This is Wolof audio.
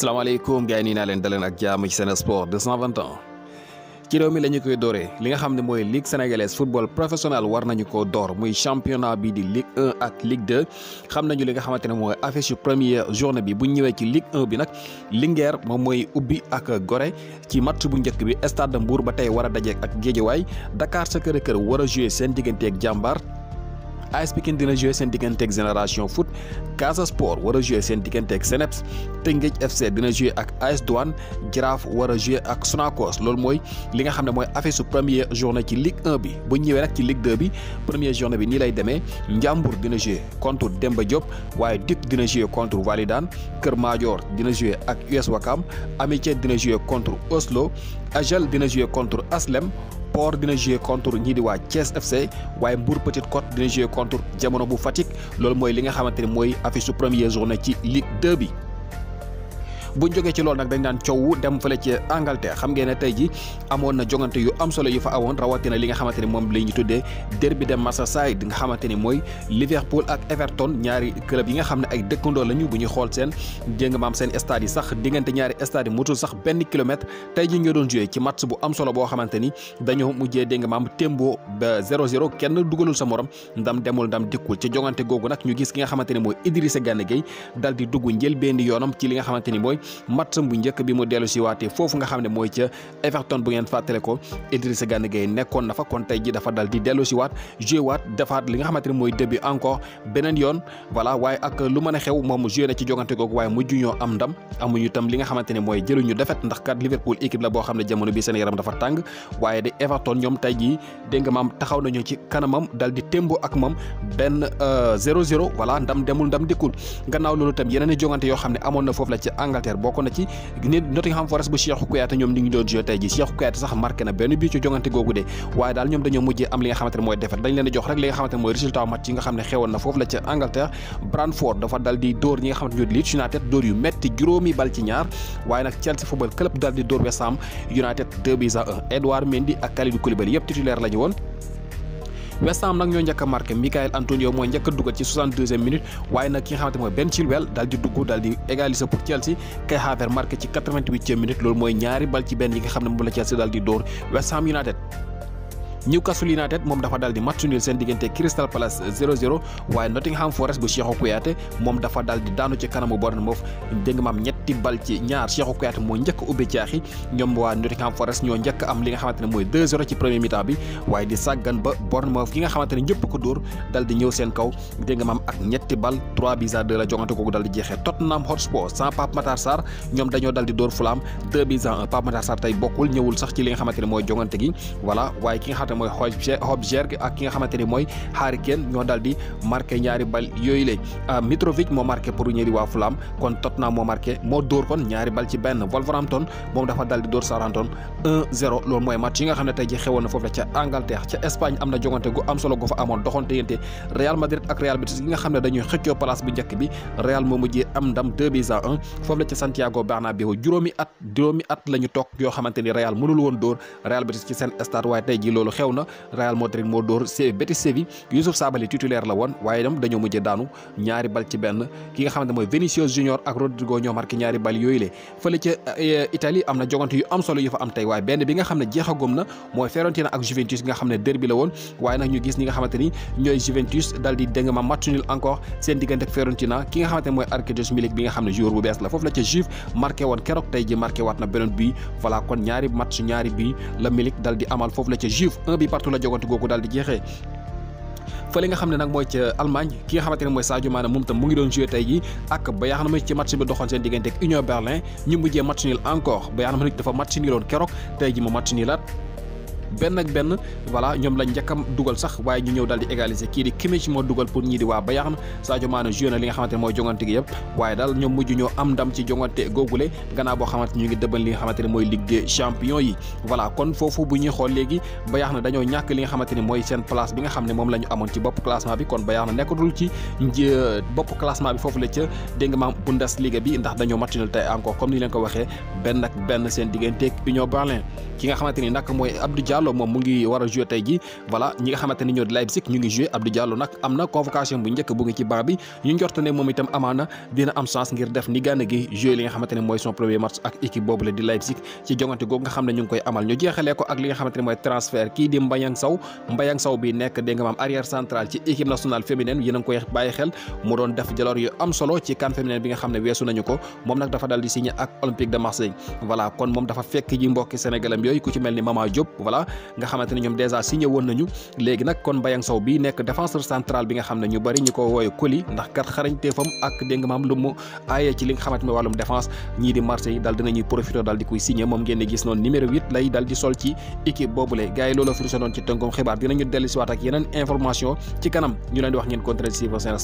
salaamaaleykum gars yi nii naa leen daleen ak jaamu ci Sen Sport 221 ci réew mi la ñu koy dooree li nga xam ne mooy ligue sénégalaise football professionnel war nañu ko door muy championnat bi di ligue 1 ak ligue 2 xam nañu li nga xamante ne mooy affiche yu première journée bi bu ñu ñëwee ci ligue 1 bi nag Linguère moom mooy ubbi ak gore ci match bu njëkk bi stade de ba tey war a dajeek ak Guédiawaye Dakar kër cœur war a jouer seen digganteeg Jàmbaar. AS Pikine dina joué seen digganteeg Génération Foot Casa Sport war a joué seen digganteeg Seneps Teungueth FC dina joué ak AS Douane Jaraaf war a ak Sonacos loolu mooy li nga xam ne mooy affiche su première journée ci Ligue 1 bi bu ñëwee nag ci Ligue 2 bi premier journée bi nii lay demee Ndiambour dina joué contre Demba Diop waaye Duc dina joué contre Walidane Kër Madior dina joué ak US Ouakam Amitié dina joué contre Oslo Ajel dina joué contre Aslem Port dina jouer contre ñii di waa Thiès FC waaye Mbour Petite Côte dina jouer contre Jamono bu Fatick loolu mooy li nga xamante ne mooy affiche su première journée ci Ligue 2 buñ jógee ci loolu nag dañ daan coow dem fële ci Angleterre xam ngeen ne tey ji amoon na jongante yu am solo yu fa awoon rawatina li nga xamante ni moom la ñu tuddee derby de Merseyside nga xamante ni mooy Liverpool ak Everton ñaari club yi nga xam ne ay dëkkandoo lañu bu ñuy xool seen jéng maam seen stade yi sax diggante ñaari stade yi mutul sax benn kilomètre tey ji ñoo doon joué ci match bu am solo boo xamante ni dañoo mujjee dégg maam témboo ba 0-0 kenn dugalul sa morom ndam demul ndam dikkul ci jongante googu nag ñu gis ki nga xamante ni mooy Idrissa Gana Gueye dal di dugg njël benn yoonam ci li nga xamante ni mooy matsam bu njëkk bi mu dellu si waatee foofu nga xam ne mooy ca Everton bu ngeen fàttale ko Idrissa Gana nekkoon na fa kon tey ji dafa dal di dellu si waat joué waat defaat li nga xamante ne mooy début encore beneen yoon voilà waaye ak lu mën a xew moom joué na ci jogante googu waaye mujj ñoo am ndam amuñu tam li nga xamante ne mooy jëluñu defet ndax kat Liverpool équipe la boo xam ne jamono bi seen yaram dafa tàng waaye de Everton ñoom tey jii d nga maam taxaw nañu ci kanamam dal di témbo ak moom benn 0-0 euh, voilà ndam demul ndam dikkul gannaaw loolu tam yeneen i yoo xam ne amoon na foofu la ci titulaire bokk na ci ni Nottingham Forest bu Cheikhou Kouyaté ñoom ñu doon joué tey sax marqué na benn bii ci jongante googu de waaye daal ñoom dañoo mujjee am li nga xamante ne mooy defet dañ leen di jox rek li nga xamante ne mooy résultat match yi nga xam ne xewoon na foofu la ca Angleterre Brentford dafa dal di dóor ñi nga xamante ñoo di Leeds United dóor yu metti juróomi bal ci ñaar waaye nag Chelsea Football Club dal di dóor West United 2 buts West Ham nag ñoo njëkk a marqué Michael Antonio mooy njëkk a dugal ci 62e waaye nag ki nga xamante mooy Ben Chilwell daal di dugg daal di égaliser pour Chelsea Kai Havertz marqué ci 88 loolu mooy ñaari bal ci benn yi nga xam ne moom la Chelsea daal di dóor West Ham United Newcastle United moom dafa dal di match nul seen diggante Crystal Palace 0-0 waaye Nottingham Forest bu Cheikhou Kouyaté moom dafa dal di daanu ci kanamu Bournemouth dégg ñetti bal ci ñaar Cheikhou Kouyaté moo njëkk ubbi caaxi ñoom waa Nottingham Forest ñoo njëkk am li nga xamante mooy 2-0 ci premier mi bi waaye di sàggan ba Bournemouth gi nga xamante ne ko dóor dal di ñëw seen kaw dégg ak ñetti bal 3 buts à 2 jongante mooy Hob Jerg ak ki nga xamante mooy Harry Kane ñoo daal di ñaari bal yooyu lay euh, Mitrovic moo marqué pour ñëri waa Fulham kon Tottenham moo marqué moo dóor kon ñaari bal ci benn Wolverhampton moom dafa daal di dóor Southampton 1 loolu mooy match yi nga xam ne tey ji xewoon foofu la ca Angleterre ca Espagne am na jogante gu am solo gu fa amoon doxante yente Real Madrid ak Real Betis yi nga xam ne dañuy xëccoo place bu njëkk bi Real moo mujjee xew na Real Madrid moo dóor Betis Séville Youssouf la woon waaye dañoo mujjee daanu ñaari bal ci benn ki nga xamante mooy eh, mooy Fiorentina ak Juventus nga xam ne derby la woon waaye nag ñu gis ñi nga xamante ni ñooy Juventus dal di dégg ma match nul encore seen diggante ak Fiorentina ki nga xamante ne mooy Arkadiusz Milik bi nga xam ne joueur bu bees la foofu la ca Juve marqué woon keroog tey ji marqué waat na beneen bii voilà kon ñaari match ñaari un bi partout la jogante googu daal di jeexee fële nga xam ne nag mooy ca Allemagne ki nga xamante ne mooy Sadio moom tam mu ngi doon joué tey jii ak Bayern Munich ci match bi doxoon seen diggante ak Union Berlin ñu mujjee match nul encore Bayern Munich dafa match nuloon keroog tey jii mu match nilaat benn ak benn voilà ñoom lañ njëkkam dugal sax waaye ñu ñëw daal di égaliser kii di Kimmich moo dugal pour ñii di waa Bayern Sadio Mané joué na li nga xamante ne mooy jongante gi yëpp waaye daal ñoom mujj ñoo am ndam ci jongante googule gannaaw boo xamante ñu li nga xamante ne mooy liggéey des champions yi voilà kon foofu bu ñuy xool léegi Bayern na dañoo ñàkk li nga xamante ne mooy seen place bi nga xam ne moom la ñu amoon ci bopp classement bi kon Bayern na nekkatul ci bopp classement bi foofu la ca dégg Bundesliga bi ndax dañoo matinal tey encore comme ni leen ko waxee benn ak benn seen digganteeg ki nga xamante ni mooy Abdou Diallo moom mu ngi war a joué tey ji voilà ñu nga xamante ñu ngi koy amal ñu jeexalee ko ak li nga xamante mooy transfert kii di Mbayang Sow Mbayang Sow bi nekk dégg nga maam arrière central ci équipe nationale féminine yéen a ngi koy bàyyi xel mu doon def jaloor yu am solo ci CAN féminine bi xam ne weesu nañu ko moom nag dafa dal di signé ak Olympique de Marseille voilà kon moom dafa fekk ji mbokki sénégalam yooyu ku ci mel ni Mama Diop voilà nga xamante ne ñoom dèjà signé woon nañu léegi nag kon Mbayang Sow bi nekk défenseur central bi nga xam ne ñu bëri ñu ko wooye Coly ndax kat xarañteefam ak dégg nga maam lu mu aaye ci li nga xamante ne wàllum défense ñii di Marseille dal dinañuy profité dal di koy signé moom ngeen di gis noonu numéro 8 lay dal di sol ci équipe boobule gars yi looloo fi leen di wax ngeen continuer